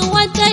the